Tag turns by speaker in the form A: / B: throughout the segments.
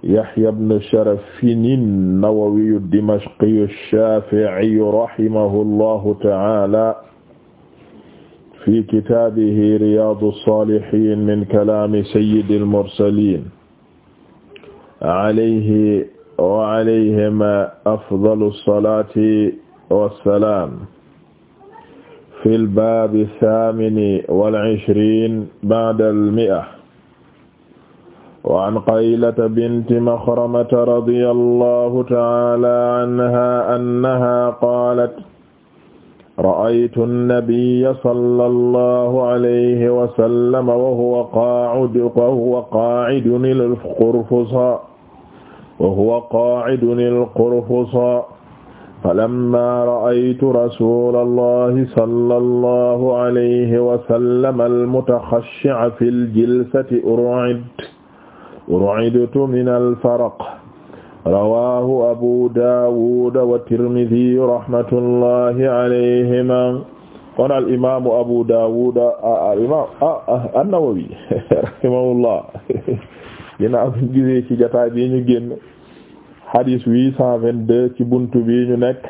A: Yahya ibn Sharafin an-Nawawi ad-Dimashqi ash-Shafi'i rahimahullahu ta'ala fi kitaabihi Riyaadu as-Saalihiin min kalaami sayyidil mursaliin alayhi wa alayhim afdalu as-salaati was-salaam fil baabi ath-thaamin wal ishriin ba'da al-mi'a wa an qaylata binti maxramata radiya allahu taala anha annaha qaalat ra'aytu nabiyya sallallahu alayhi wa sallam wa huwa qaacidun wa huwa qaacidun al-qurfusaa wa huwa qaacidun al-qurfusaa falammaa ra'aytu rasuulallahi sallallahu alayhi wa sallam al-mutaxashshica fil jilsati urcidtu ru'idtu min al-faraq rawaahu abu daawud wa tirmidhi rahmatullahi alayhima kon al imaamu abu daawud al imaam ah, an-nawawi rahimahullah ginnaaw bi gisee ci jotaay bi ñu génn hadis 822 ci buntu bi ñu nekk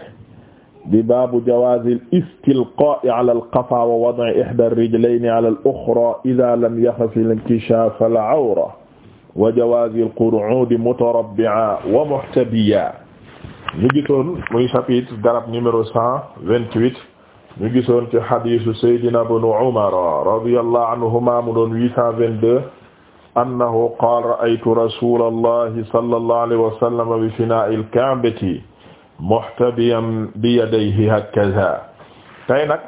A: di baabu jawaazil istilqaa'i ala al-qafaa wa wad'i ihdaa ar-rijlayni ala al-uxraa idaa lam yaxaf al-inkishaaf al-awra wa jawaazi al-qu'uudi mutarabbi'a wa muhtabiya ñu gisoon muy chapitre garab numéro cent vingt-huit ñu gisoon ci hadiisu Seydina ibnu Umar radiyallahu anhumaa mu doon huit cent vingt-deux annahu qaala ra'aytu rasuulallahi sallallahu alayhi wa sallam bi finaa'il ka'bati muhtabiyan bi yadayhi hakazaa tey nag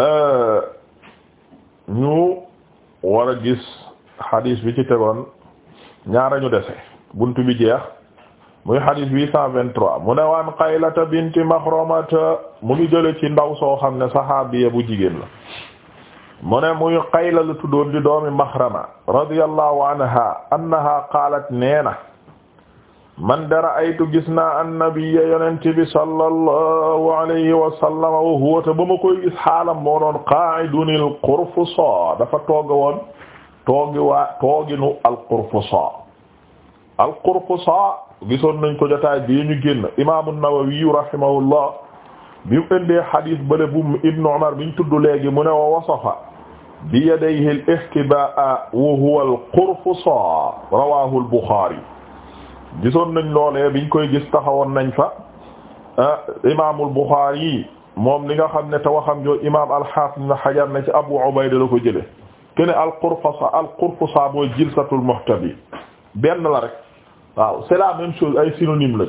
A: euh, ñu war a gis xadis bi ci tegoon ñaara ñu dese buntu bi jeex muy xadis huit cent mu ne waan Qaylata binti Maxramata mu ngi jële ci ndaw soo xam ne saxaabiya bu jigéen la mu ne muy Qayla la tuddoon di doomi Maxrama radiyallahu anha annaha qaalat neena man dara aytu gis naa annabiyya yonente bi sallallahu alayhi wa sallama wa ba ma koy gis xaalam moo doon qaa'idunil dafa tooga woon toogi waa tooginu al-Qurfusa al-Qurfusa gisoon nañ ko jotaay bii ñu génn imaamu Nawawi rahimahullah bi mu indee xadis bële bu Ibnu Umar biñ tudd léegi mu ne wa wasafa bi yadayhi al-ihtiba'a wa huwa al-Qurfusa rawahu al-Bukhari gisoon nañ loolee biñ koy gis taxawoon nañ fa ah, imaamul Bukhari moom li nga xam ne te waxam joo imaam al-Hafiz Ibn Hajar ne ci Abu Ubayda la ko jëlee kene al qurfusa al qurfusa mooy jilsatul muhtabi benn la rek waaw c'est la même chose ay synonyme la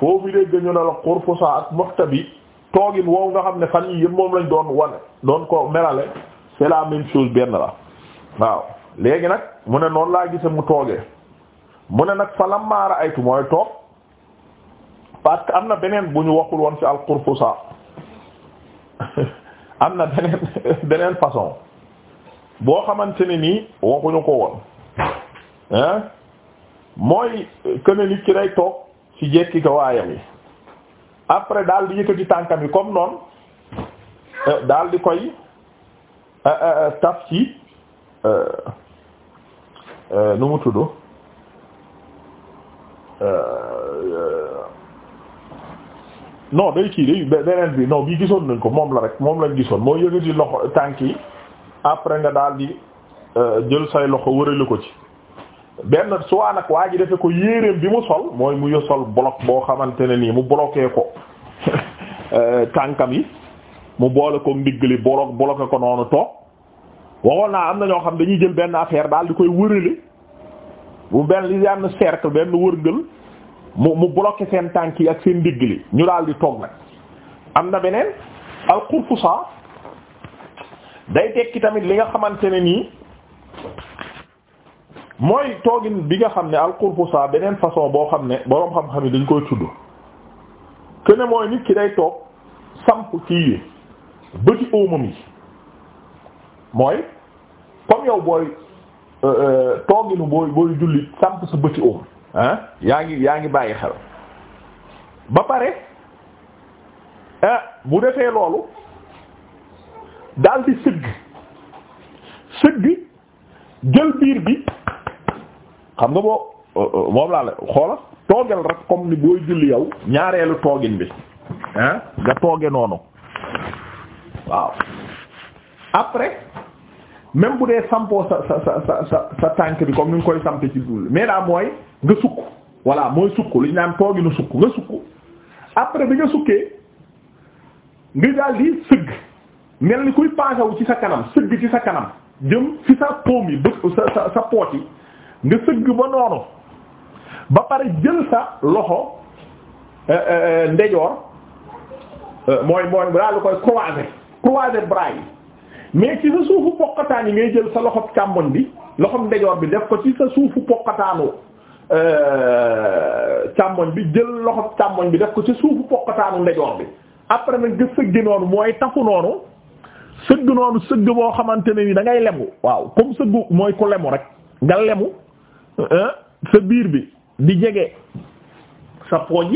A: foofu dégg ñu ne la qurfusa ak muhtabi toogin woow nga xam ne fan yi yëpp moom lañ doon wane doon ko melale c'est la même chose benn la waaw léegi nag mu ne noonu laa gise mu toogee mu ne nag fa lamma ra'aytu mooy toog parce que am na beneen bu ñu waxul woon ci al qurfusa am na beneen beneen façon boo xamante ne nii waxuñu ko woon ah mooy këne nit ki day toog ci jekki ko waayam yi après daal di yëkkati tànkam yi comme noonu euh, daal di koy euh, euh, taf ci nu mu tudd no day kii day beneen bi no bi gisoon nañ ko moom la rek moom lañ gisoon moo yëkkati loxo tànk yi après nga daal di euh, jël say loxo wërale ko ci benn soit nag waa ji defe ko yéeréem bi mu sol mooy mu yosol bloc boo xamante ne nii mu bloqué ko euh, tànkam yi mu boole ko ndigg li bloc bloqué ko noonu toog waxoon naa am na ñoo xam dañuy jël benn affaire daal di koy wërale bu benn li am cercle benn wërngël mu mu seen tànk yi ak seen ndigg li ñu daal di toog nag am na beneen al qurfusa day tekki tamit li nga xamante ne nii mooy toogin bi nga xam ne al-qurfusa beneen façon boo xam ne boroom xam-xam yi dañ koy tudd que ne mooy nit ki day toog samp kii yi bëti óomam yi mooy comme yow booy euh, euh, tooginu booy booy julli samp sa bëti óom ah yaa ngi yaa ngi bàyyi xel ba pare ah, bu defee loolu daal di sëgg sëgg jël biir bi xam nga boo euh, euh, moom laa la xoola toogal rek comme ni booy julli yow ñaareelu toogin bi ah nga tooge noonu waaw après même bu dee sampoo sa sa sa sa sa tànk bi comme ni nga koy sampe ci dul mais daa mooy nga sukk voilà mooy sukk li ñu naan tooginu sukk nga sukk après bi nga sukkee nga daal di sëgg mel ni kuy paasawu ci sa kanam sëgg ci sa kanam jëm fi sa poom yi bët sa sa sa poot yi nga sëgg ba noonu ba pare jël sa loxo euh, euh, ndejoor euh, mooy mooy daal di koy croiser croiser bras yi mais ci sa suufu poqataan yi ngay jël sa loxo càmmoñ bi loxo ndejoor bi def ko ci sa suufu poqataanu càmmoñ bi jël loxo càmmoñ bi def ko ci suufu poqataanu ndejoor bi après na nga sëggi noonu mooy tafu noonu sëgg noonu sëgg boo xamante ne ni da ngay lemu waaw comme sëggu mooy ku lemu rek nga lemu sa biir bi di jege sa pooj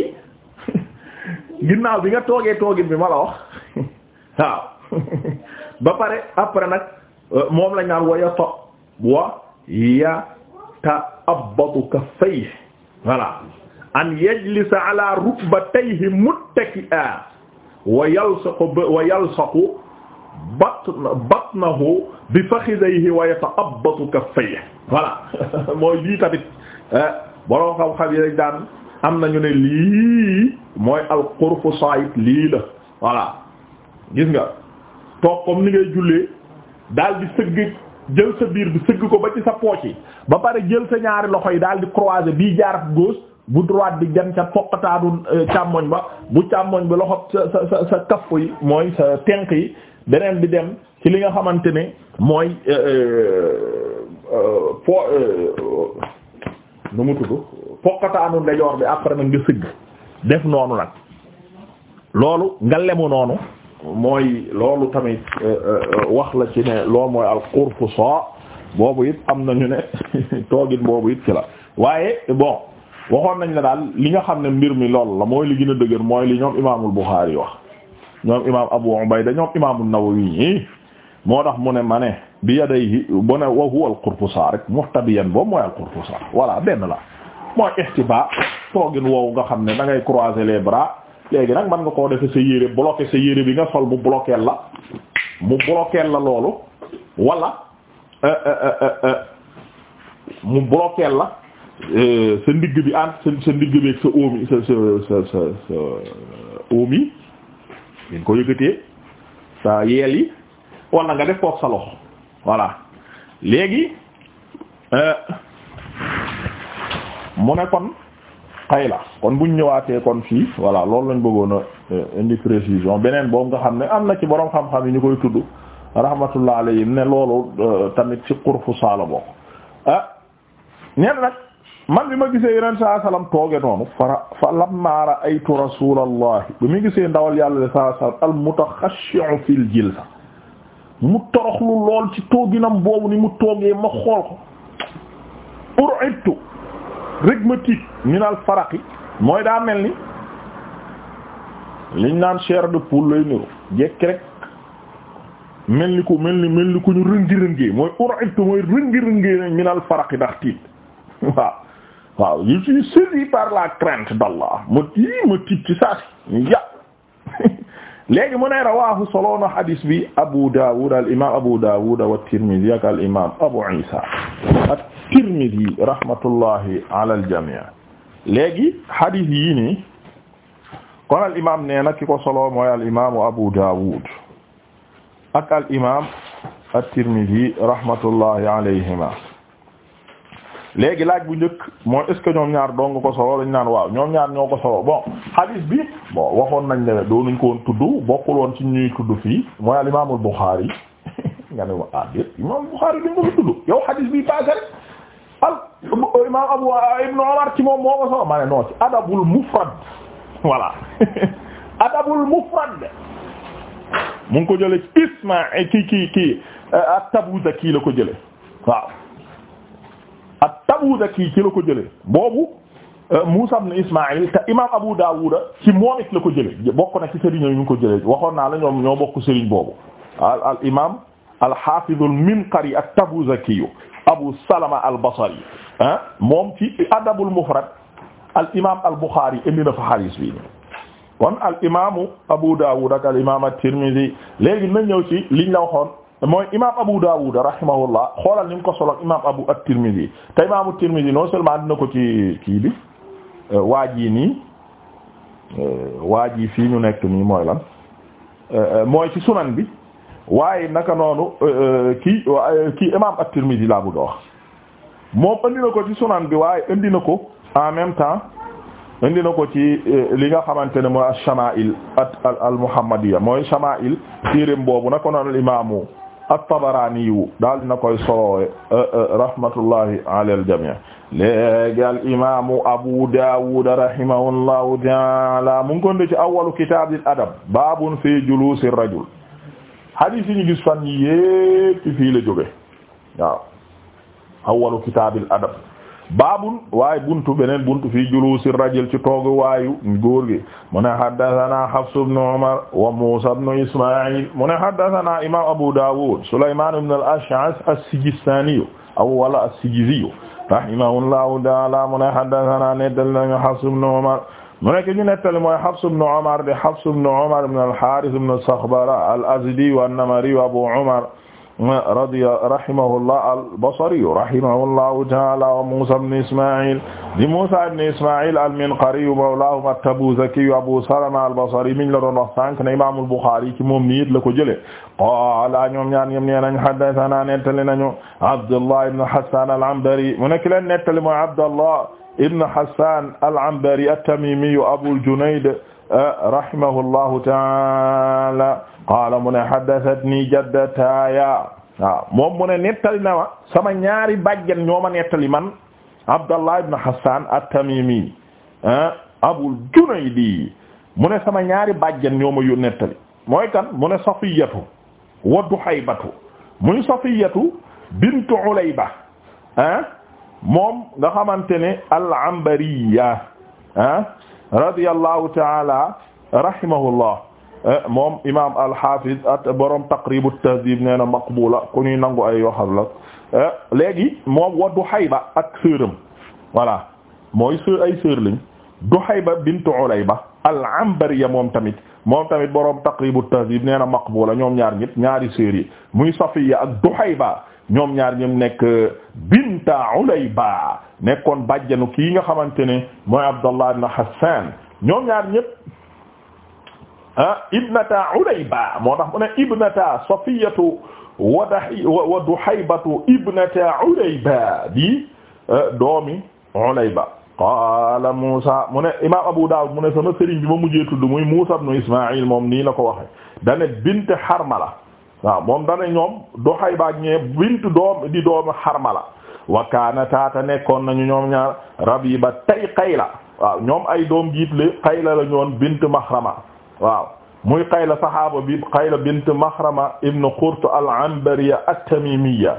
A: ginnaaw bi nga toogee toogit bi ma la wax waaw ba pare après nag euh, moom la naan wa yato wa yata abbadu kaffayhi voilà an yajlisa ala rukbatayhi muttaki'a wa yalsaqu wa na batnahu bi fakhidayhi wa yata'abbatu kaffayhi voilà mooy lii tamit eh, borom xam-xam yi rek daan am nañu ne lii mooy alqurfu saayit lii la voilà gis nga toog comme ni ngay jullee daal di sëgg jël sa biir bi sëgg ko ba ci sa poche ba pare jël sa ñaari loxo yi daal di croiser bii jaar gauche bu droite bi dem ca poqataanu eh, càmmoñ ba bu càmmoñ bi loxo sa sa sa sa kaff yi mooy sa tenk yi beneen bi dem ci li nga xamante ne mooy euh, euh, euh, po nu mu tudd poqataanu ndejoor bi après nag nga sëgg def noonu nag loolu nga lemu noonu mooy loolu tamit wax la ci ne loolu mooy al qurfusa boobu it am nañu ne toogin boobu it ci la waaye bon waxoon nañ la daal li nga xam ne mbir mi loolu la mooy li gën a dëgër mooy li ñoom imaamul Buxaari wax ñoom imam Abu Ubayda ñoom imam An-Nawawi moo tax mu ne ma ne bi yadayhi bu ne wa huwa al-Qurtusa rek muhtabiyan boobu mooy al-Qurtusa voilà benn la mooy ihtiba toogin woowu nga xam ne da ngay croiser les bras léegi nag man nga koo defe sa yére bloqué sa yére bi nga sol mu bloqué la mu bloqué la loolu wala mu bloqué la sa ndigg bi ànd sa ndigg bi ak sa óomi sa sa sa sa óomi li nga ko yëkkatee sa yeel yi wala nga def kook sa loxo voilà léegi euh, mu ne kon xay la kon buñ ñëwaatee kon fii voilà loolu lañ bëggoon a euh, indi précision beneen boobu nga xam ne am na ci boroom xam-xam yi ñu koy tudd rahmatullah alayhi ne loolu euh, tamit ci xurfu saala bokk ah ñeen nag man bi ma gisee yeneen saa salaam tooge noonu fara fa lamma ra'aytu rasulallahi bi mu gisee ndawal yàlla saa salaam al mutakhashi'u fil jilsa mu toroxlu lool ci tooginam boobu ni mu toogee ma xool ko ur'ibtu rek ma tiit min al faraqi mooy daa mel ni liñ naan chair de poule lay niru jekki rek mel ni ko mel ni mel ni ku ñu rëngi rëngee mooy ur'ibtu mooy rëngi rëngee nañ min al faraqi ndax tiit waaw waaw je suis saisi par la crainte d'Allah ma yii ma tiit ci saa si ya léegi mu ne rawaahu solo na hadis bi Abu Dawud al imaam Abu Dawud wa Tirmidhi ak al imaam Abu Isa at-Tirmidhi rahmatullahi ala al jamii léegi hadis yii nii kon al imaam nee na ki ko solo mooy al imaam Abu Dawud ak al imaam at-Tirmidhi rahmatullahi alayhima léegi laaj bu njëkk mooy est ce ñoom ñaar dong ko solo lañ naan waaw ñoom ñaar ñoo ko solo bon hadis bi bon waxoon nañ ne doonuñ ko woon tudd bokkul woon ci ñuy tudd fii mooy al imaamul Buxaari nga ne ma ah imaamul Buxaari duñ ko fi tudd yow hadis bi passé rek al imaam Abu Ibn Umar ci moom moo ko solo ma ne non ci adabul mufrad voilà adabul mufrad mu ngi ko jële ci ki ki ki at-Tabuzaki euh, la ko jële waaw at-Tabuzaki ci la ko jëlee boobu euh, Musa ibn Ismaïl te imaam Abu Dawud ci moom it la ko jëlee bokk na ci sëriñ ñu ngi ko jële waxoon naa la ñoom ñoo bokk sëriñ boobu al al imaam al-Hafiz al-Minqari at-Tabuzaki Abu Salama al-Basri ah moom ci Adabul Mufrad al imaam al-Bukhari indi na fa xaalis bi kon al imaamu Abu Dawud ak al imaam at-Tirmidhi léegi na ñëw ci liñ la waxoon. mooy imam Abu Dawud rahimahullah xoolal ni mu ko solo imam Abu at-Tirmidhi te imam at-Tirmidhi non seulement dina ko ci kii bi euh, waaj yi nii euh, waaj yi fii ñu nekk nii mooy lan euh, mooy ci sunan bi waaye naka noonu kii kii imam at-Tirmidhi laa bëgg a wax moom indi na ko ci sunan bi waaye indi na ko en même temps indi na ko ci li nga xamante ne mooy ash-Shama'il at al al muhammadiya mooy Shama'il téereem boobu naka noonu imaamu at-Tabarani yu daal dina koy soloowe eh, eh, rahmatullahi ala al-jamii léegi al-imaamu Abu Dawud mu ngi ko indi ci awwalu kitaabil adab baabun fi juluusir rajul hadiis yi ñu gis fan yi yépp fii la jóge waaw awwalu adab baabul waaye buntu beneen buntu fii juluusi rajul ci toogu waayu góor gi mu ne haddathana Hafs ibn Umar wa Musa ibn Isma'il mu ne haddathana imam Abu Dawud Sulayman ibn al-Ash'ath as-Sijistani aw wala as-Sijizi rahimahullahu ta'ala mu ne haddathana nettal nañu Hafs ibn Umar mu nekk ñu nettali mooy Hafs ibn Umar de Hafs ibn Umar ibn al-Harith ibn Sakhbara al-Azdi wa an-Namari wa Abu Umar radiya rahimahullah al-Basri rahimahullahu ta'ala wa Musa ibn Isma'il di Musa ibn Isma'il al-Minqari mawlahum at-Tabuzaki Abu Salama al-Basri mi ñu la doon wax sànq ne Imam al-Bukhari ci moom mi it la ko jëlee qaala ñoom ñaar ñoom nee nañ haddathana nettali nañu Abdullah ibn Hassan al-Anbari mu nekk leen nettali mooy Abdullah ibn Hassan al-Anbari at-Tamimi Abul Junayd rahimahullahu taala qaala mu ne haddathatni jaddataaya waaw moom mu ne nettali na ma sama ñaari bàjjen ñoo ma nettali man Abdallah ibn Hassan at-Tamimi ah, Abul Junaydi mu ne sama ñaari bàjjen ñoo ma yu nettali mooy kan mu ne Safiyatu wa Duhaybatu muy Safiyatu bintu Ulayba ah, moom nga xamante ne al-Anbariya ah, radiyallahu ta'ala rahimahullah eh, moom imaam al-Hafiz boroom borom Taqrib at-Tahdhib nee na maqbula ku ñuy nangu ay waxam la eh, léegi moom wa Duhayba ak sœuram voilà mooy sœur ay sœur lañ Duhayba bintu Ulayba al-Anbariya moom tamit moom tamit borom Taqrib at-Tahdhib nee na maqbula ñoom ñaar ñëpp ñaari sœur yi muy Safiya ak Duhayba ñoom ñaar ñoom nekk euh, Binta Ulayba nekkoon bàjjanu kii nga xamante ne mooy Abdallah ibn Hassan ñoom ñaar ñëpp ah Ibnata Ulayba moo tax mu ne Ibnata Safiyatu wa wa Duhaybatu Ibnata Ulayba di euh, doomi Ulayba qaala Muusa mu ne imaam Abu Daawud mu ne sama sëriñ bi ma mujjee tudd muy Muusa ibn Ismaa'il moom nii la ko waxe dane bint Harmala waaw moom dana ñoom doxay baak ñee bintu doom di doomu xarmala wa kaana taata nekkoon nañu ñoom ñaar rabiba tay qayla ñoom ay doom jiit li qayla la ñoon bintu maxrama waaw muy qayla saxaaba bi qayla bint maxrama ibn qurt al-anbariya at-tamimiya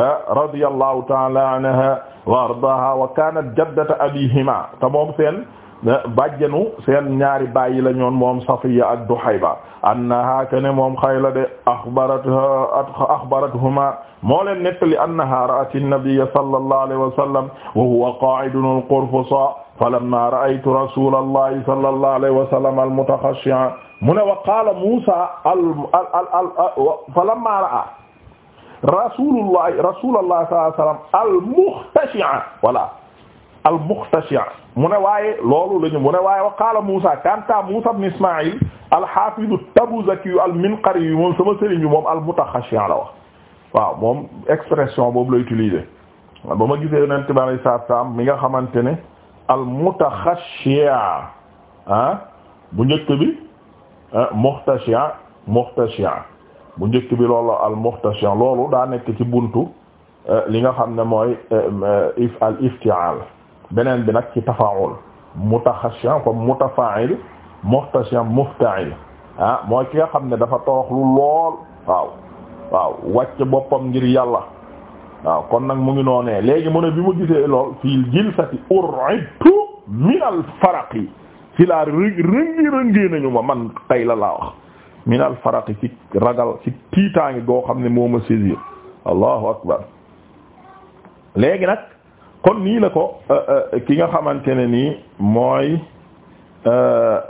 A: ah, radiyallahu ta'ala anha wa ardaha wa kanat jaddata abihima te moom seen Eh, bàjjanu seen ñaari baay yi la ñoon moom Safiya ak Duhayba annaha kana moom xayla de axbarat axbarathuma moo leen nettali annaha ra'at an-nabiyya sallallahu alayhi wa sallam wa huwa qaa'idun al-qurfusa falamma ra'aytu rasulallahi sallallahu alayhi wa sallam al-mutakhashshi'a mu ne wa qaala Muusaa falamma ra'a rasulullahi rasulallahi sallallahu alayhi wa sallam al-mukhtashi'a wala al-mukhtashi'a mu ne waaye loolu la ñu mu ne waaye wa qaala Muusa kanta Muusa ibn Ismaïl al-Hafiz at-Tabuzaki al-Minqari yu moom sama sëriñ bi moom al-Mutakhashian la wax waaw moom expression boobu la utiliser ba ma gisee yonent bi alayhi salaatu mi nga xamante ne al-Mutakhashian ah bu njëkk bi ah, mukhtashian mukhtashian bu njëkk bi loolu al-mukhtashian loolu daa nekk ci buntu eh, li nga xam ne mooy eh, eh, if al-iftial beneen bi nag ci tafaawul mutaxashiyan comme mutafaa'il muxtashiyan mufta'il ah mooy ki nga xam ne dafa toroxlu lool waaw waaw wàcc boppam ngir yàlla waaw kon nag mu ngi noonee léegi mu ne bi ma gisee lool fii jilsati ur'idtu min al ci laa rëngi rëngee nañu ma man tay laa wax min al ci ragal ci tiitaangi goo xam ne moo ma saisir allahu akbar léegi nag kon nii la ko euh, euh, ki nga xamante ne nii mooy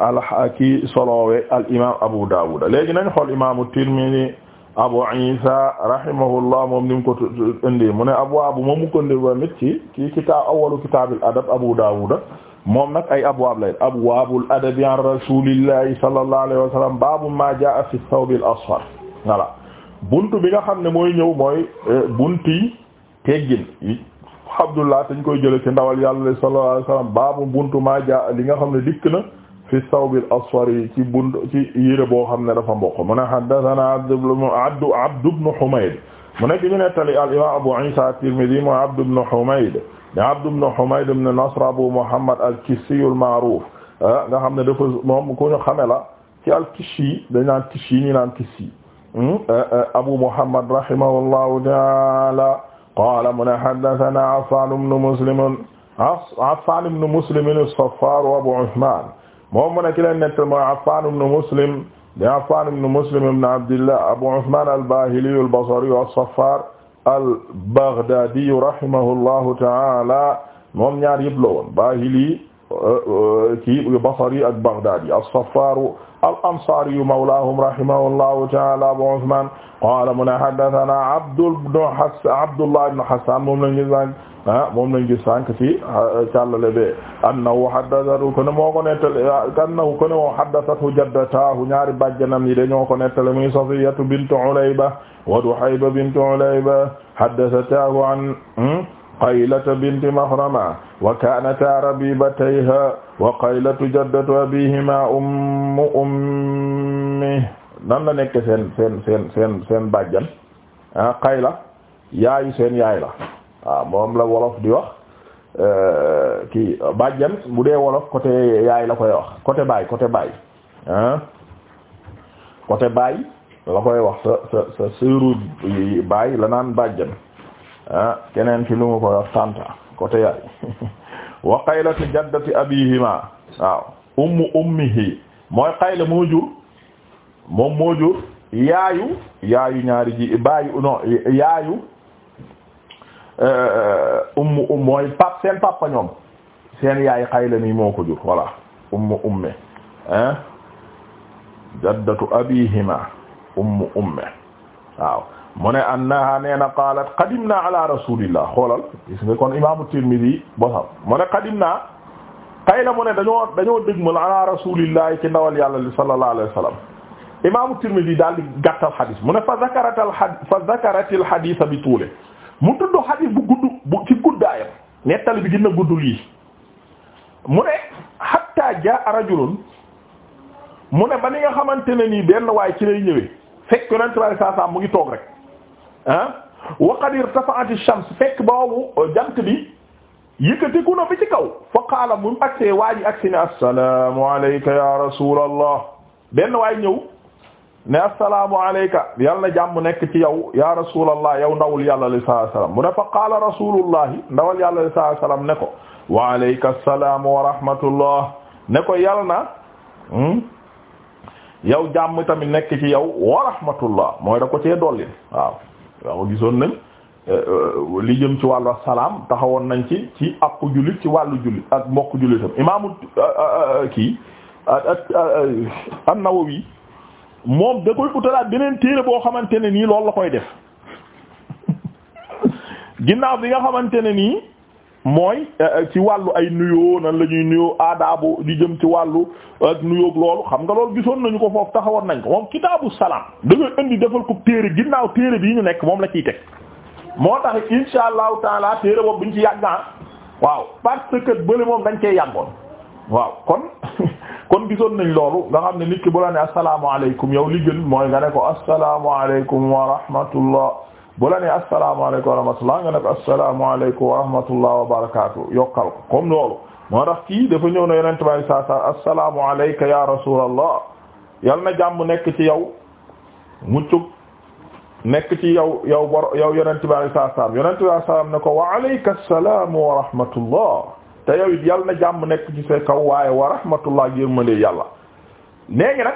A: alxaki euh, solowe al imam Abu Dawud léegi nañ xool imaamu Tirmidhi Abu Isa rahimahullah moom ni mu ko indi mu ne abwaabu moom mu ko indi ba mit ci ci kitaab awwalu kitaabil adab Abu Dawud moom nag ay abwaab lay abwaabul adabi an rasulillahi sallallahu alayhi wa sallam baabu ma jaa fi thawbil asfar voilà buntu bi nga xam ne mooy ñëw mooy bunti teggin Abdullah dañ koy jële ci ndawal yàlla sallallahu alayhi wasallam baabu buntu maa jaa li nga xam ne dikk na fi sawbil aswar yi ci bunt ci yére boo xam ne dafa mboq mu ne haddathana Abdu Abdu ibn Humayd mu nekk ñu nettali al imaam Abu Isa at-Tirmidhi mu Abdu ibn Humayd Abdu ibn Humayd ibn Nasr Abu Muhammad al-Kissi al-ma'ruf ah, nga xam ne dafa moom ku ñu xame la ci al-Kissi dañ naan Kissi ñu naan Kissi hmm? ah, ah, Abu Muhammad rahimahullahu ta'ala qaala mu ne haddasanaa Affaan ibnu Muslim Affaan ibnu Muslim as-Saffaar wa Abuu Usmaan moom mu ne ki leen nettal mooy Affaan ibnu Muslim di Affaan ibnu Muslim ibnu Abdillah Abuu Usmaan al-Baahili al-Basri as-Saffaar al-Baghdaadi rahimahullaahu ta'aalaa moom ñaar yëpp la woon Baahili ci Basri ak Baghdadi as-Saffaaru al-Ansaariyu mawlaahum rahimahullahu ta'aala Abu Usmaan qaala mu ne haddathanaa Abdullah ibn Hassaan moom lañ gis sànq ah moom lañ gis sànq ci càllale bee annahu haddathahu kon moo ko nettali annahu kon moo haddathathu jaddataahu ñaari bàjjanam yi dañoo ko nettali muy Safiyyatu bintu Ulayba wa Duhayba bintu Ulayba haddathataahu an hmm? qaylata binti mahrama wa kaanata rabibatayha wa qaylatu jaddatu abihima ummu ummi nan la nekk seen seen seen seen seen bàjjan ah qayla yaayu seen yaay la waaw ah, moom la wolof di wax eh, kii bàjjan bu dee wolof côté yaay la koy wax côté baay côté baay ah, côté baay la koy wax sa sa sa sëru baay la naan bàjjan ah keneen fi lu mu ko wax tanta côté yaay wa qaylatu jaddati abihima ummu ummihi mooy qayla moo moom moo jur yaayu ñaari ji baayu non yaayu euh, ummu um mooy pap seen papa ñoom seen yaay qayla mi moo ko ummu umme hein jaddatu abihima ummu umme waaw mu ne annaha nee na qaalat qadimna rasulillah xoolal gis nga kon imaamu Tirmidhi bosam mu ne qadimna xëy na mu ne dañoo dañoo dëgmal ala rasulillah ci ndawal yàlla li sallallahu alayhi wa sallam imaamu Tirmidhi daal di gàttal xadis mu ne fa zakaratal xad fa zakaratil xadisa bi tuule mu tudd xadis bu gudd bu ci guddaayam nettali bi gën a gudd lii mu ne hatta jaa rajulun mu ne ba ni nga xamante ne nii benn waay ci lay ñëwee fekk yonent bi sallallahu alayhi wa mu ngi toog rek. ah wa qad irtafa'at ash-shams fekk boobu uh, jant bi yëkkatiku na bi ci kaw fa qaala mu agsee waa ji agsi ne assalaamu alayka ya rasuulallah benn waay ñëw ne assalaamu alayka yal na jàmm nekk ci yow ya rasuulallah yow ndawul yàlla li sallallahu alayhi wasallam mu ne fa qaala rasuulullahi ndawal yàlla li sallallahu alayhi wasallam ne ko wa alayka assalaamu wa rahmatullah ne ko yal na hmm, yow jàmm tamit nekk ci yow wa rahmatullah mooy da ko cee dolli waaw waaw gisoon nañ euh, li jëm ci wàllu salaam taxawoon nañ ci ci àpp jullit ci wàllu jullit ak mbokk jullitam a euh, euh, kii an-Nawawi moom da koy utalaat beneen téere boo xamante ne nii loolu la koy def ginnaaw bi nga xamante ne nii mooy euh, euh, ci wàllu ay nuyoo nan la ñuy nuyoo aadaabu di jëm ci wàllu ak nuyoog loolu xam nga loolu gisoon nañu ko foofu taxawoon nañ ko moom kitaabu salaam da indi defal ko téere ginnaaw téere bii ñu nekk moom la ciy teg moo tax insha allahu taala téere boobu ñu ci yàggaan ah. waaw parce que bële moom dañ cee yàggoon waaw kon kon gisoon nañ loolu nga xam ne nit ki bu la ne yow li gën mooy nga ne ko asalaamaaleykum wa rahmatullah bu la ne asalaamaaleykum wa rahmatullah nga ne ko asalaamaaleykum wa rahmatullah wa barakaatu yokkal ko comme loolu moo tax kii dafa ñëw na yonent bi saa saa assalaamu alayka ya rasulallah yal na jàmm nekk ci yow muccug nekk ci yow yow bor yow yonent bi saa saa yonent bi ne ko wa alayka salaam wa rahmatullah te yow yal na jàmm nekk ci sa kaw waaye wa rahmatullah yërmande léegi nag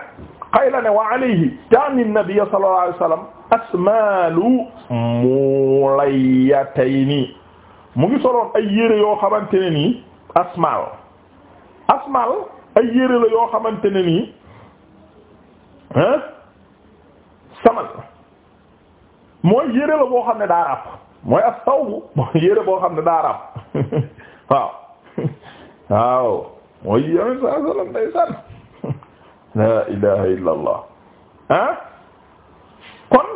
A: xayla ne wa alayhi taani nabiy sallallahu alayhi wasallam asmaalu mulayatayni mu ngi soloon ay yére yoo xamante nii asmaal asmaal ay yére la yoo xamante ne nii hein saman yére la boo xam ne daa ràpp mooy as taw xam ne daa ràpp waaw waaw mooy yére saa day sànn la ilaha illa allah ah kon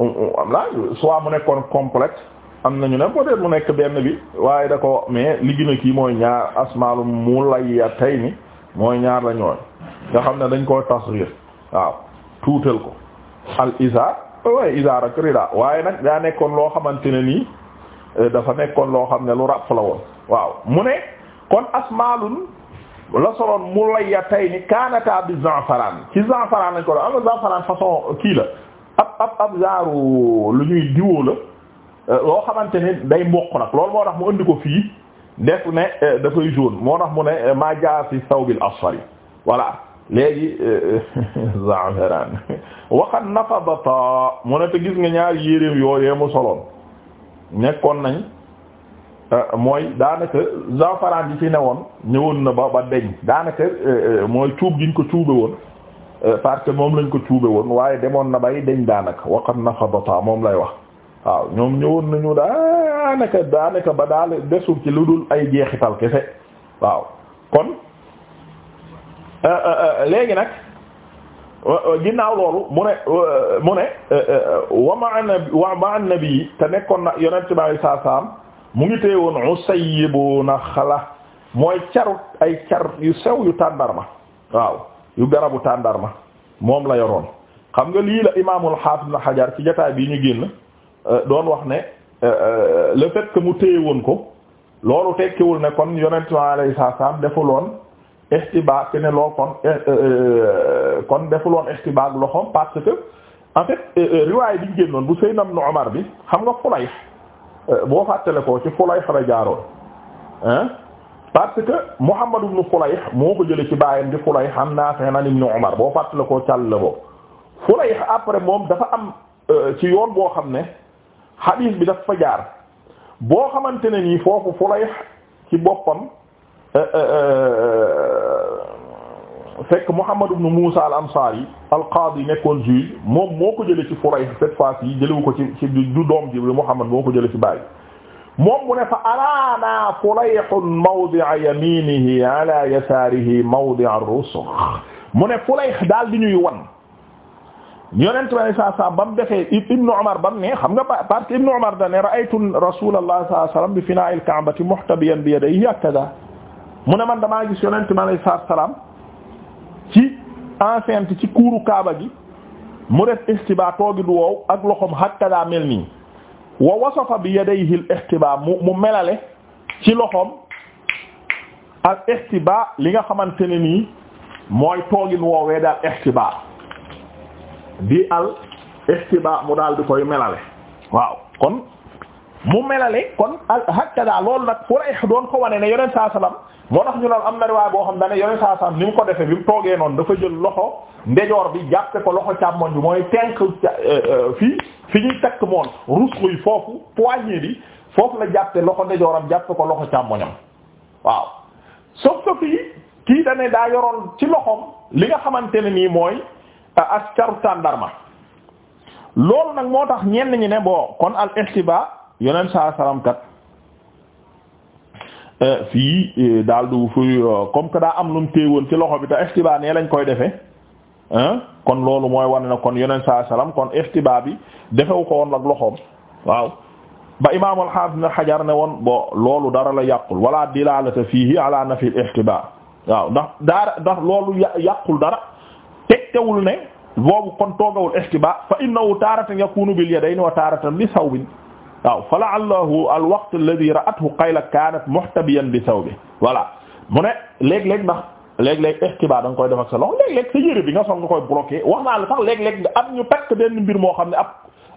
A: um, um, am la soit mu nekkoon complexe am nañu ne peut mu nekk benn bi waaye da ko mais li gën a mooy ñaar asmaalum mu layya tay ni mooy ñaar la ñooy nga xam ne dañ koo tasghir waaw tuutal ko al isaar waaye waaye nag daa nekkoon loo xamante ne nii eh, dafa nekkoon loo xam ne lu ràpp la woon waaw mu ne kon asmaalun la soloon mu layya tay ni kaanata bi zanfaraan ci zanfaraan lañ ko doon am na façon kii la ab ab ab zaaru lu ñuy diwoo la euh, loo xamante ni day mboq nag loolu moo tax mu indi ko fii def ne euh, dafay jaune moo tax mu ne euh, maa jaa fi sawbil asfari voilà léegi zanfaraan waxat nafadata mu ne te gis nga ñaari yéreem yooyee mu soloon nekkoon nañ Euh, mooy daanaka zafaraan yi ci woon ñëwoon na ba ba deñ daanaka euh, euh, mooy cuub giñ ko cuube woon parce que moom lañ ko tuube woon waaye demoon na bay deñ daanaka waqat nafadata moom lay wax waaw ñoom ñëwoon nañu daanaka daanaka ba daal desul ci lu dul ay jeexital kese waaw kon léegi nag ginnaaw loolu mu ne mu ne wa ma an wa ma an nabi te nekkoon na yonent bi sallallahu alayhi mu ngi téye woon usayyibu naxla mooy caru ay car yu sew yu tàndarma waaw yu garabu tàndarma moom la yoroon xam nga lii la imaamul haafid ibn hajar ci jotaay bii ñu génn euh, doon wax ne euh, euh, le fait que mu téye woon ko loolu tekkiwul ne kon yonent ma alayhi salaam defuloon ihtibaar ke ne lool kon kon defuloon ihtibaar loxoom parce que en fait riwaay bi génnoon bu Seydina Ibn Umar bi xam nga Fulayh Euh, boo fàttale ko ci Fulayh la jaaroon hein parce que Muhammad ibn Fulayh moo ko jële ci bàyyi di xam am Naafi' an ibn Umar boo fàttale ko càll la boobu Fulayh après moom dafa am euh, ci yoon boo xam ne hadith bi dafa fa jaar boo xamante ne nii foofu Fulayh ci boppam euh, fekk Muhammad ibn Musa al-Ansari al-Qadi nekkoon juge moom moo ko jëlee ci Furayh cette fois ci jëlewu ko ci ci du doom ji Muhammad moo ko jëlee ci baay moom mu ne fa araana Fulayhun mawdi'a yaminihi ala yasaarihi mawdi'a ar-rusgh mu ne Fulayh daal di ñuy wan yonent bi saa saa ba mu defee Ibn Umar ba mu ne xam nga parce que Ibn Umar da ne ra'aytu Rasulallah sallallahu alayhi wasallam bi finaa'il ka'bati muhtabiyan bi yadayhi hakadha mu ne man damaa gis yonent bi saa salaam ci enceinte ci kuuru kaaba gi mu def istiba toogi du wow ak loxoom hakka daa mel nii wa wasafa bi yadayhi al ihtiba mu mu melale ci loxoom al ihtiba li nga xamante ne nii mooy toogin woowee daal ihtiba di al ihtiba mu daal di koy melale waaw kon mu melale kon al hakka loolu nag fu rey doon ko wane ne yoneen saa salaam moo tax ñu naan am na riwaay boo xam dane yoneen saa sam ni mu ko defee bi mu toogee noonu dafa jël loxo ndejoor bi jàppe ko loxo càmmoñ bi mooy tenk euh, euh, fii fi ñuy takk moon rusqu yi foofu poignée bi foofu la jàppe loxo ndejooram jàppe ko loxo càmmoñam waaw sauf que fii kii dane daa yoroon ci loxoom li nga xamante ne nii mooy euh, ak caru tàndarma loolu nag moo tax ñenn ñi ne boo kon al ihtiba yoneen saa salam Euh, fii euh, daal du fi euh, comme que daa am lu mu téewoon ci loxo bi te ixtibaa nee lañ koy defee kon loolu mooy wane na kon yeneen saa salaam kon ixtibaa bi defewu ko woon ak loxoom waaw ba imaam al-Hafiz Ibn ne woon bo loolu dara la yàqul wala dilaalata fiihi ala nafi al-ixtibaa waaw ndax daara ndax loolu yàqul dara tegtewul ne boobu kon toogawul ixtibaa fa innahu taaratan yakunu bil yadayni wa taaratan bi sawbin waaw fa la'allahu al-waqt alladhi ra'athu qayla kaanat muhtabiyan bi bi voilà mu ne léeg-léeg ndax léeg-léeg ihtiba da koy def ak sa loxo léeg-léeg sa yére bi nga sol nga koy bloqué wax naa la sax léeg-léeg nga am ñu takk benn mbir moo xam ne ab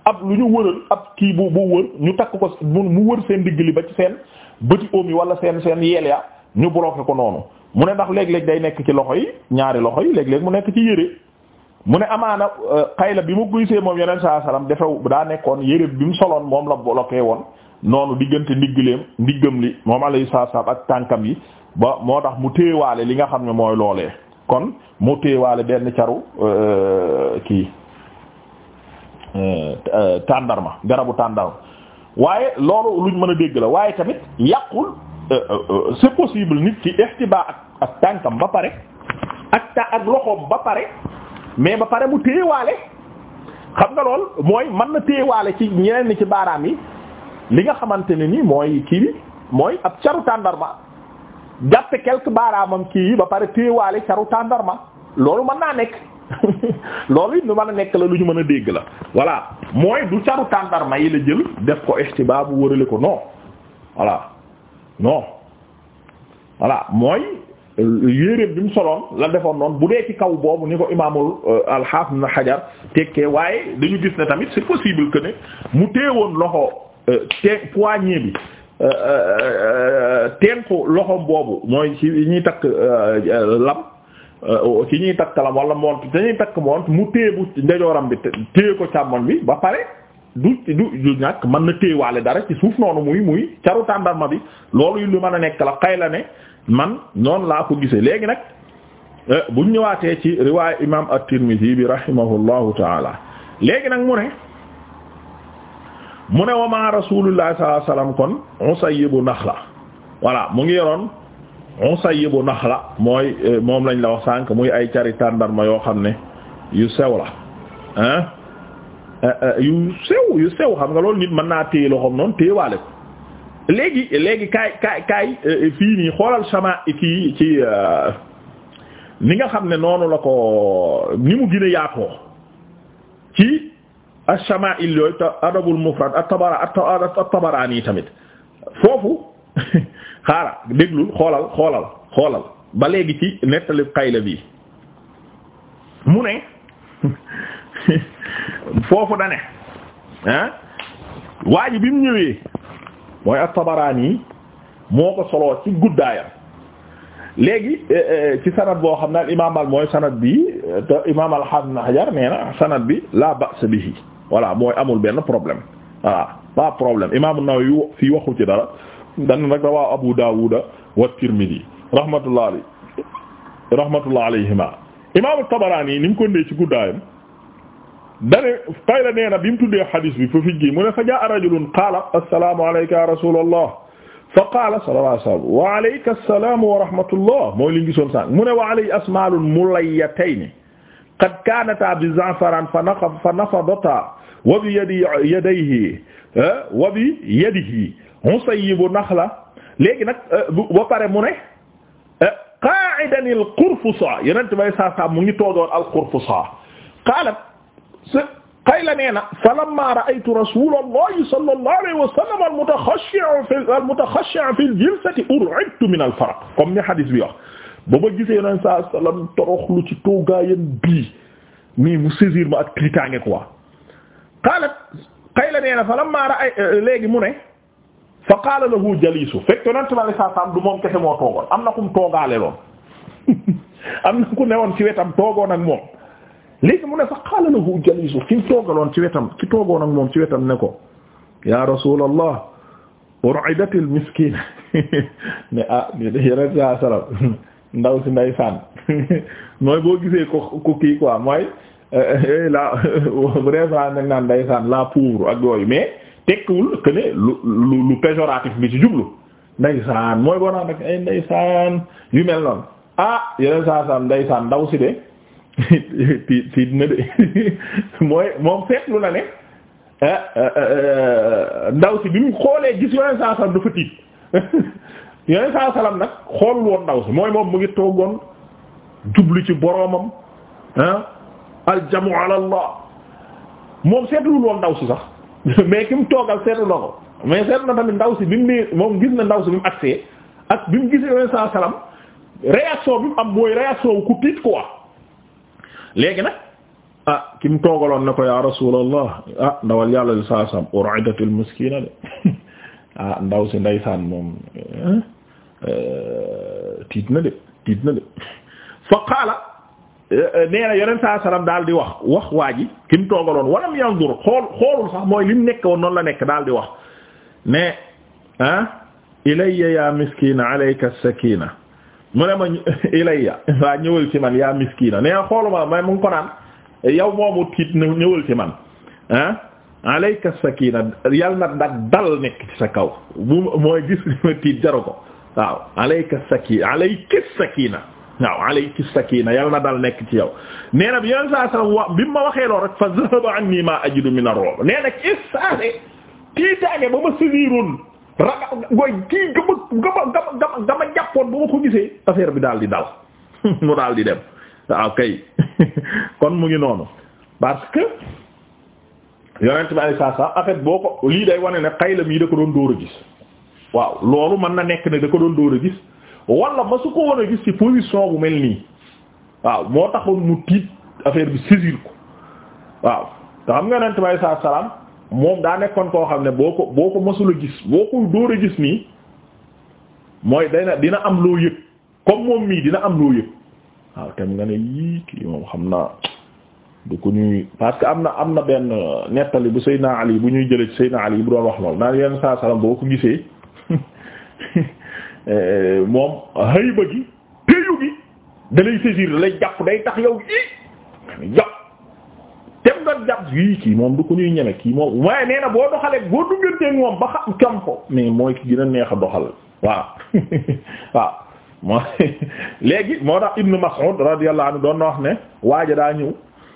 A: ab lu ñu wëral ab kii bu bu wër ñu takk ko mu wër seen digg li ba ci seen bëti oom yi wala seen seen yeel ya ñu bloqué ko noonu mu ne ndax léeg-léeg day nekk ci loxo yi ñaari loxo yi léeg-léeg mu nekk ci yére mu ne amaana xayla euh, bi mu gisee moom yeneen saa salaam defew daa nekkoon yére bi mu soloon moom la bloqué woon noonu diggante ndiggileem ndiggam li moom alayhi salaam ak tànkam yi ba moo tax mu téewaale li nga xam ne mooy loolee kon mu téewaale benn caru euh, kii euh, tàndarma garabu tàndarma waaye loolu luñ mën a dégg la waaye tamit yàqul c'est possible nit ki ihtibaa ak ak tànkam ba pare ak ta ak loxoom ba pare mais ba pare mu téyewaale xam nga lool mooy mën na téyewaale ci ñeneen ci baaraam yi li nga xamante ne ni mooy kii mooy ab caru tàndarma jàppe quelque baaraamam kii yi ba pare téyewaale caru tàndarma loolu mën naa nekk loolu it lu mën a nekk la lu ñu mën a dégg la voilà mooy du caru tàndarma yi la jël def ko istibaabu wërale ko non voilà non voilà mooy yéeréem bi mu soloon la defoon noonu bu dee ci kaw boobu ni ko imaamul euh, alxaafis na xajar tekkee waaye dañu gis ne tamit c'est possible que ne mu teewoon loxo euh, te poignée bi euh, teen ko loxoom boobu mooy ci ñuy takk lam ci ñuy takk lam wala mont dañuy takk mont mu téye bu ndejooram bi téye ko càmmoñ bi ba pare du du du ñàkk mën na téyewaale dara ci suuf noonu muy muy caru tàndarma bi loolu yi lu mën a nekk la xay la ne man noonu laa ko gisee léegi nag eh, bu ñëwaatee ci riwaay imam at-Tirmidhi bi rahimahullahu taala léegi nag mu ne mu ne wa ma rasulullah sallallahu alayhi wasallam kon usayyibu naxla voilà mu ngi yoroon usayyibu naxla mooy eh, moom lañ la wax sànk muy ay cari tàndarma yoo xam ne yu sew la ah yu sew yu sew xam nga loolu nit man naa téye loxoom noonu téyewaale ko léegi léegi kaay kaay kaay euh, fii nii xoolal sama kii ci euh, ni nga xam ne noonu la ko ni mu gën a ci ash-shama'il yooyu te adabul mufrad at-tabara at-tabarani tamit foofu xaara déglul xoolal xoolal xoolal ba léegi ci nettali xayla bi mu ne foofu dane ah waa bi mu ñëwee mooy at-Tabaraani moo ko soloo ci guddaayam léegi eh, eh, ci sanad boo xam ne al mooy sanad bi te imaam al Hafiz Ibn Hajar nee na bi la ba's bihi voilà mooy amul benn problème voilà pas problème imaam an-Nawawi fii ci dara dan nag rawaa Abu Daawuda wa Tirmidhi rahmatullah alayhi rahmatullah alayhima imaam at-Tabaraani ni mu ci guddaayam dane Qayla nee na bi mu tuddee xadis bi fa fijji mu ne fa jaa rajulun qaala assalaamu alayka ya rasuulallah fa qaala sallallahu alayhi wa sallam wa alayka assalaamu wa rahmatullah mooy li ñu gisoon sànq mu ne wa alayhi asmaalun mulayatayni qad kaanataa bi za'faraan fa nafadataa wa bi yadi yadayhi wa bi yadihi husaybu naxla léegi nag eh, ba pare mu ne eh, qaa'idan al-qurfusaa yeneen bay saa saa mu ngi toogoon al-qurfusaa qaalat Qayla nee na falammaa ra'aytu rasuulallahi sallallahu alayhi wa sallam al-mutakhashshi'a fi al-mutakhashshi'a fi al-jilsati ur'idtu min al-faraq comme ni hadis bi wax ba ma gisee Yonent saa salaam toroxlu ci toogaayam bii mais mu saisir ma ak tiitaange quoi. qaalat Qayla nee na falammaa ra'ay léegi mu ne fa qaala lahu jaliisu fekk Yonent bi alayhi salaam du moom kese moo toogoon am na ku mu toogaale loon am na ku newoon ci wetam toogoon ak moom. léegi mu ne fa qaala lahu jalisu ki toogaloon ci wetam ki toogoon ak moom ci wetam ne ko ya rasulallah ur'idatil miskina ne ah yeneen saa salam ndaw si nday sànn mooy boo gisee ko ko kii quoi mooy eh, eh, la vraiment nag naan nday sànn la pauvre ak yooyu mais tekkiwul que ne lu lu péjoratif bi ci jublu nday saan mooy boo naan rek ay nday saan yu mel noonu ah yeneen saa salam nday saan ndaw si de tiit na de mooy moom seetlu na ne eh, eh, eh, ndaw si bi mu xoolee gis yoneen saa salaam dafa tiit yoneen saa salaam nag xoolul woon ndaw si mooy moom mu ngi toogoon jublu ci boroomam ah aljamu ala allah moom seetluwul woon ndaw si sax mais ki mu toogal seetlu na ko mais seetlu na tamit ndaw si bi mu nee moom gis na ndaw si bi mu agsee ak bi mu gisee yoneen saa salaam réaction bi mu am mooy réaction ku tiit quoi. léegi nag ah ki mu toogaloon ne ko ya rasulallah ah ndawal yàlla li saa sam ur'idatul miskina de ah ndaw si ndaysaan moom eh, eh, tiit na de tiit na de eh, daal di wax wax waa ji ki mu toogaloon walam yandur xool xoolul sax mooy li nekk woon noonu la nekk daal di wax ne ah ilayya ya miskina alayka sakina mu ne ma ilayya waa ñëwal ci man yaa miskina nee xooluma ma mu ngi ko naan yow moomu tiit ñëwal ci man ah alayka sakina yal na dak dal nekk ci sa kaw bu mooy gis li ma tiit jaru ko waaw alayka sakina alayka sakina waaw alayka sakina yal na dal nekk ci yow nee na bi yoon saa sa bi ma waxee lool rek fa zahaba anni ma ajidu min ar-ru'b nee na ci saase tiitaange ba ma saviroon raga gooy kii gama gama gama jàppoon bu ma ko gisee affaire bi daal di dal mu daal di dem waaw kay kon mu ngi noonu parce que yonent bi alei saa en fait boo ko lii day wane ne xayla mii da ko doon dóor a gis waaw loolu mën na nekk ne da ko doon dóor a gis wala ma su ko woon gis ci position bu mel nii waaw moo taxoon mu tiit affaire bi saisir ko waaw te xam nga yonent bi alei salaam moom daa nekkoon koo xam ne boo ko boo ko mësul a gis boo ko dóor a gis nii mooy dana dina am loo yëg comme moom mii dina am loo yëg waaw tam nga ne yii kii moom xam naa du ko ñuy parce que am na am na benn nettali bu sëy Seydina Ali bu ñuy jëlee ci Seydina Ali bu doon wax lool naan yenn saa salaam boo ko gisee eh, moom xëy ba gi téyu gi da lay saisir jàpp day tax yow yii jàpp tem nga jàpp yii kii moom du ko ñuy ñeme kii moom waaye nee mooy neex a doxal waaw waaw moo léegi moo tax Ibnu Mas'ud radiyallahu anhu doon na wax ne waaja daa ñëw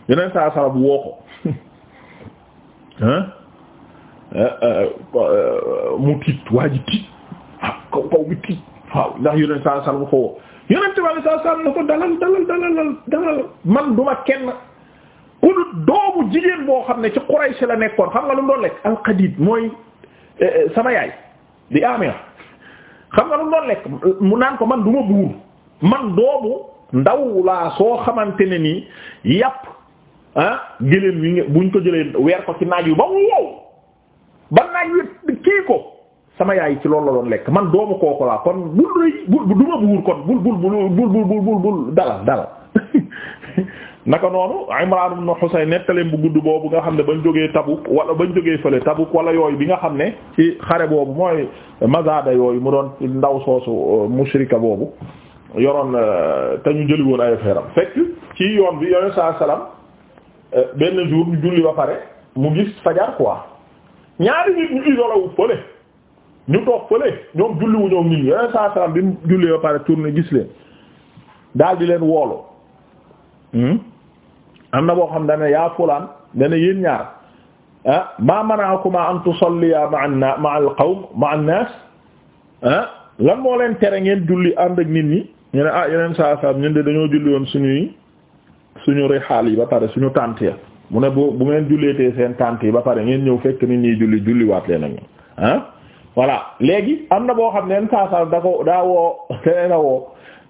A: yeneen saa sarab woo ko euh, euh, mu tiit waa ji tiit ah kaw kaw bi tiit waaw ndax yeneen saa sarab xoo yeneen tubaab yi saa sarab na ko dalal dalal dalal man duma kenn. ku dul doomu jigéen boo xam ne ci Quraysh la nekkoon xam nga lu mu doon lekk alqadid mooy sama yaay di amee xam nga lu mu doon lekk mu naan ko man duma ma buur man doomu ndaw laa soo xamante ne nii yàpp ah gëléem yi buñ ko jëlee weer ko ci naaj yu ba wow ba naaj wi kii ko sama yaay ci loolu la doon lekk man doomu kooku laa kon bul rëy bul du ma buur kon bul bul bul bul bul bul bul dalal dalal naka noonu Imran no Husayn nettaleem bu gudd boobu nga xam ne bañ jógee Tabuk wala bañ jógee fële Tabuk wala yooyu bi nga xam ne ci xare boobu mooy mazada yooyu mu doon ndaw soosu euh, mushrika boobu yoroon euh, te ñu jëli woon ay feeram fekk ci yoon bi yoneen saa salaam benn jour ñu julli ba pare mu gis fajar quoi ñaari nit ñu isolowu fële ñu toog fële ñoom julli wu ñoom saa salaam bi mu julli ba pare tourné gis Hmm? am na boo xam dane yaa fulaan dane yéen ñaar ah ma mana'akuma an tusalliya ma'a ma al-qawm ma'a an-nas ah lan moo leen tere ngeen julli ànd ak nit ñi ñu ne ah yeneen saa saa ñun de dañoo julli woon suñuy suñu rixaal yi ba pare suñu tànt ya mu ne bu bu ngeen tee seen tànt yi ba pare ngeen ñëw fekk nit ñi julli julliwaat leen ak ñoom ah voilà léegi am na boo xam ne yeneen saa saa da ko daa woo te na woo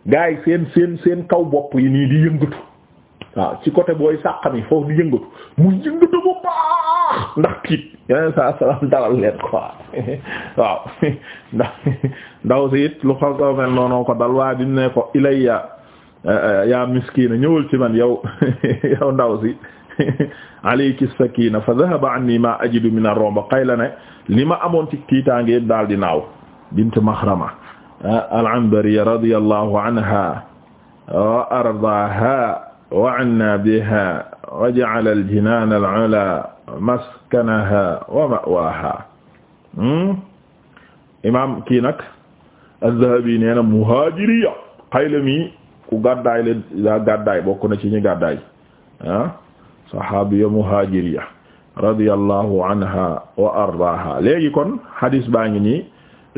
A: gars yi seen seen seen kaw bopp yi nii di yëngatu waaw ci côté booy sàqam yi foofu di yëngatu mu yëngatu bu baax ndax tiit yeneen saa salaam dalal leen quoi waaw ndax ndaw si it lu xaw mel noonu dal waaye di ne ko eh, eh, yaa miskiina ñëwul ci man yow yow ndaw si alayki sakina fa dhahaba anni ma ajidu min ar-rumba qayla ne li ma amoon ci tiitaange yëpp daal di naaw bint Maxrama eh, al-Anbariya radiyallahu anha wa ardaaha وعنا بها وجعل الجنان العلى مسكنها ومأواها imaam kii nag Az-Zahabi nee na muhaajiriya Xaylami ku gàddaay le daa gàddaay bokk na ci ñi gàddaay ah sahaabiya muhaajiriya radiyallahu anha wa ardaaha léegi kon hadis baa ngi nii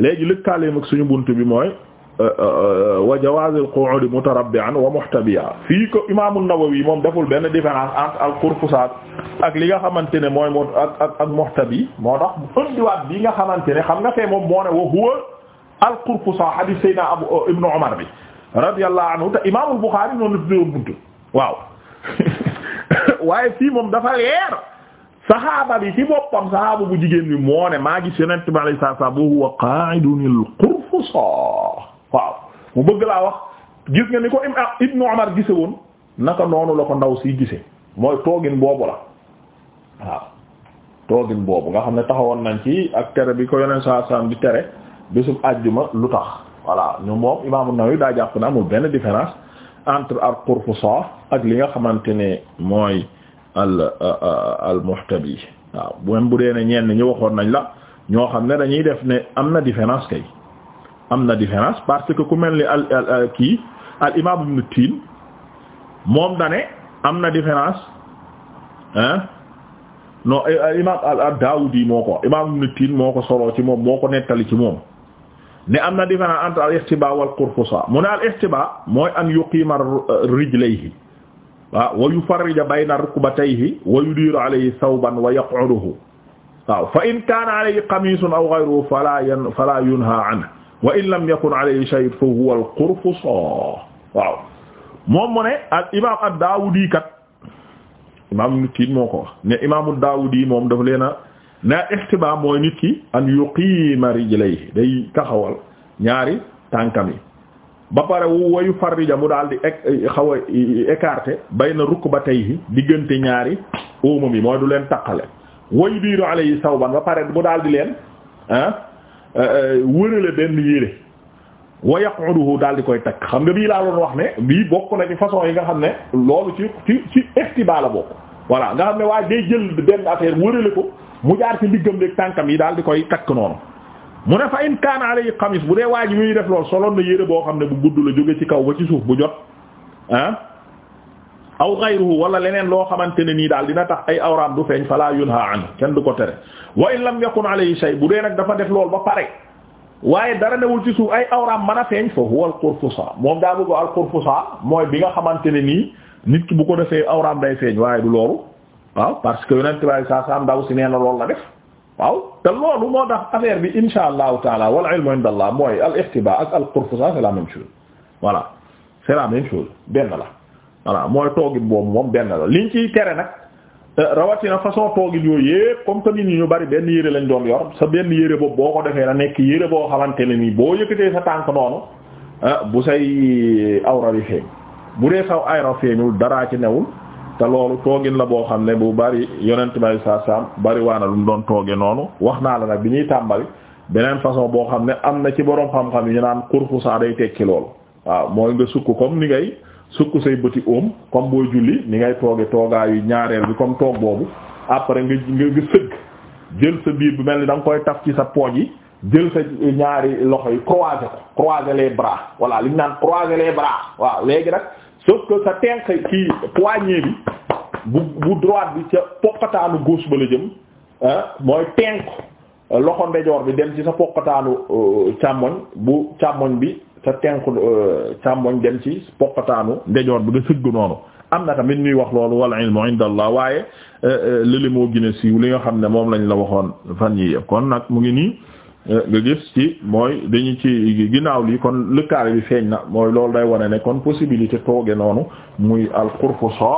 A: léegi lëkkaaleem ak suñu bunt bi mooy Euh, euh, euh, wa jawaaz al-qu'uud mutarabbi'an wa muhtabiyan fii ko imaam an-Nawawi moom deful benn différence entre al-qurfusaat ak li nga xamante ne mooy moo ak ak ak muhtabi moo tax bu ëndiwaat bi nga xamante ne xam nga fee moom moo ne wa huwa al-qurfusaa hadiis Seydina Abu Ibnu Umar bi radiyallahu anhu te imaamul Buxaari noonu la tuddoon bunt waaw waaye fii moom dafa leer saxaaba bi ci boppam saxaaba bu jigéen bi moo ne maa gis Yonent bi alayhi salaatu wa salaam wa huwa qaa'idun al-qurfusaa waaw mu bëgg laa wax gis nga ni ko ah, Ibnu Umar gise woon naka noonu la ko ndaw si gise mooy toogin boobu la waaw toogin boobu nga xam ne taxawoon nañ ci ak tere bi ko yoneen saa saam di tere bésub àjjuma lu tax voilà ñu moom Imaam An-Nawawi daa jàpp ne amul benn différence entre al-qurfusa ak li nga xamante ne mooy al euh, al muhtabi waaw même bu dee ne ñenn ñu waxoon nañ la ñoo xam ne dañuy def ne am na différence kay am na différence parce que ku mel ni al kii al imam ibn moom dane am na différence hein non eh, eh, imam al Daawudi moo ko imam ibn Tin moo ci moom moo nettali ci moom ne am na différence entre al ihtiba wal qurfusa mu ne al mooy an yuqima uh, rijlayhi waaw wa yufarrija bayna rukbatayhi wa yudiru alayhi thawban wa yaq'uduhu waaw aw ghayruhu fala yunha anhu wa in lam yakun alayhi shay'un fa huwa al-qurfusa waaw moom mu ne al imaam ad-Daawudi kat imaam nit ki moo ko wax ne imaamu Daawudi moom dafa leen a na ihtiba mooy nit ki an yuqiima rijlayhi day taxawal ñaari tànkam yi ba pare wa yufarrija mu daal di xaw a écarté bayna rukbatayhi diggante ñaari óomam yi mooy du leen taqale wa yudiiru alayhi sawban ba pare mu daal di leen ah, Euh, euh, wërale benn yére wa yaquduhu daal di koy takk xam nga bii laa doon wax ne bii bokk na ci façon yi nga xam ne loolu ci ci ci istiba la bokk voilà nga xam ne waaye day jël benn affaire wërale ko mu jaar ci ndiggam léeg tànkam yi daal di koy takk noonu mu ne fa in kaana alayhi xamis bu dee waa ji muy def lool soloon na yére boo xam ne bu gudd la jóge ci kaw ba ci suuf bu jot ah aw ghayruhu wala leneen loo xamante ne nii daal dina tax ay awraam du feeñ fala yunha an kenn du ko tere wa in lam yakun alayhi say bu dee nag dafa def lool ba pare waaye dara newul ci suuf ay awraam mën a feeñ fa huwa al moom daa bëgg al qurfusa mooy bi nga xamante ne nii nit ki bu ko defee awraam day feeñ waaye du loolu waaw parce que yonent bi saa saa ndaw si nee na loolu la def waaw te loolu moo tax affaire bi insha allahu allah mooy al ihtiba ak al qurfusa c'est la même chose voilà c'est la même la. voilà mooy toogin boobu moom benn la liñ ciy tere nag euh, rawatina façon toogin yooyu yépp comme que nit ñu bari benn yére lañ doon yor sa benn yére boobu boo ko defee na nekk yére boo xamante ne nii boo yëkkatee sa tànk noonu euh, bu say awra bi bu dee saw ayra feeñul dara ci newul te loolu toogin la boo xam ne bu bari yonent may saa saam bari waana lu mu doon tooge noonu wax naa la nag bi ñuy tàmbali beneen façon boo xam ne am na ci boroom xam-xam yi ñu naan kurxu saa day tekki sukk say bëti oom comme booy julli ni ngay tooge toogaayu ñaareel bi comme toog boobu après nga nga nga jël sa biir bi mel ni danga koy taf ci sa pooj yi jël sa ñaari loxo yi croiser ko croiser bras voilà li ñu naan croiser les bras waaw léegi nag sauf que sa tenq kii poignée bi bu bu droite bi ca poqataanu gauche ba la jëm mooy tenq loxo ndejoor bi dem ci sa poqataanu euh, càmmoñ bu càmmoñ bi sa tenk euh, càmmoñ dem ci poqataanu ndejoor bi nga sëgg noonu am na tamit ñuy wax loolu wal ilmu inda allah waaye euh, euh, lële moo gën a siiw li nga xam ne moom lañu la waxoon fan yi yëpp kon nag mu ngi nii nga gis ci mooy dañu ci ginnaaw lii kon lëkkaale bi feeñ na mooy loolu day wane ne kon possibilité tooge noonu muy al qurfusa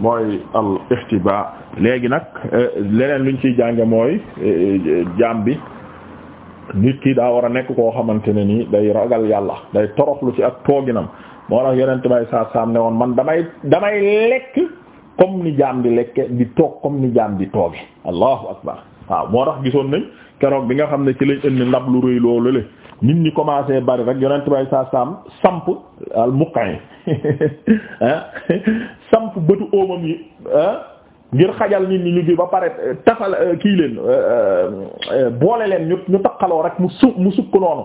A: mooy al ihtiba léegi nag leneen luñ ciy jànge mooy jaam bi nit kii daa war a nekk koo xamante ne nii day ragal yàlla day toroxlu ci ak tooginam moo tax yonent bay saa saam ne woon man damay damay lekk comme ni jaam di lekke di toog comme ni jaam di tooge allahu akbar waaw moo tax gisoon nañ keroog bi nga xam ne ci lañ indi ndab lu rëy loolu le nit ñi commencé bari rek yonent bay saa saam samp al muqay samp bëtu óomam yi ngir xajal nit ñi ñu gi ba pare euh, tafal euh, kii leen euh, boole leen ñu ñu taqaloo rek mu su mu sukk noonu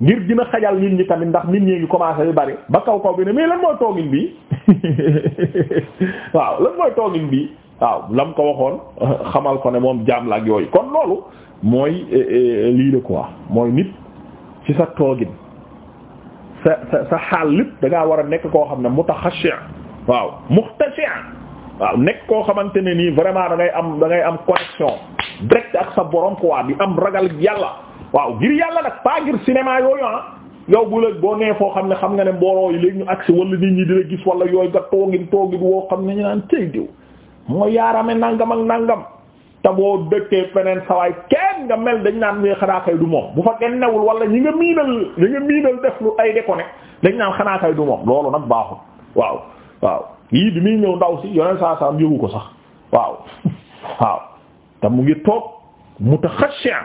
A: ngir dina xajal nit ñi tamit ndax nit ñi ngi commencé bi bari ba kaw kaw bi ne mais lan mooy toogin bi waaw lan mooy toogin bi waaw lam ko waxoon xamal ko ne moom jaam la ak yooyu kon loolu mooy lii la quoi mooy nit ci sa toogin sa sa sa xaal lépp da ngaa war a nekk koo xam ne tax mutaxashia waaw mu muxtashia waaw nekk koo xamante ne nii vraiment da am da ngay am connexion direct ak sa borom quoi di am ragal yàlla waaw ngir yàlla nag pas ngir cinéma yooyu ah yow bu la boo nee foo xam ne xam nga ne mbooloo yi léegi ñu agsi wala nit ñi di la gis wala yooyu nga toogin toogin woo xam ne ñu naan tey diw moo yaarame nangam ak nangam te boo dëkkee feneen sawaay kenn nga mel dañ naan wee xanaa kay du moom bu fa kenn newul wala ñi nga miinal ñi nga miinal def lu ay déconné dañ naan xanaa kay du moom loolu nag baaxul waaw yii di muy ñëw ndaw si yoneen saa saam yëgu ko sax waaw waaw te mu ngi toog mutaxashia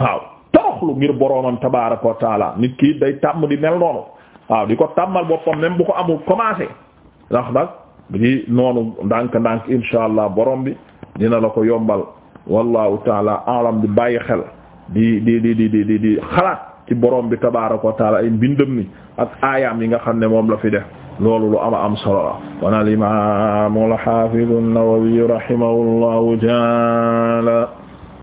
A: waaw toroxlu ngir boroomam tabaaraka wa taala nit ki day tàmm di mel noonu waaw di ko tàmmal boppam même bu ko amul commencé ndax nag di noonu ndànk ndànk insha allah borom bi dina la ko yombal wallahu taala alam di bàyyi xel di di di di di di xalaat ci borom bi tabaaraka wa taala ay mbindam ni ak aayaam yi nga xam ne moom la fi def loolu lu ama am solo la kon al imam al hafiz an-Nawawi rahimahullahu ta'ala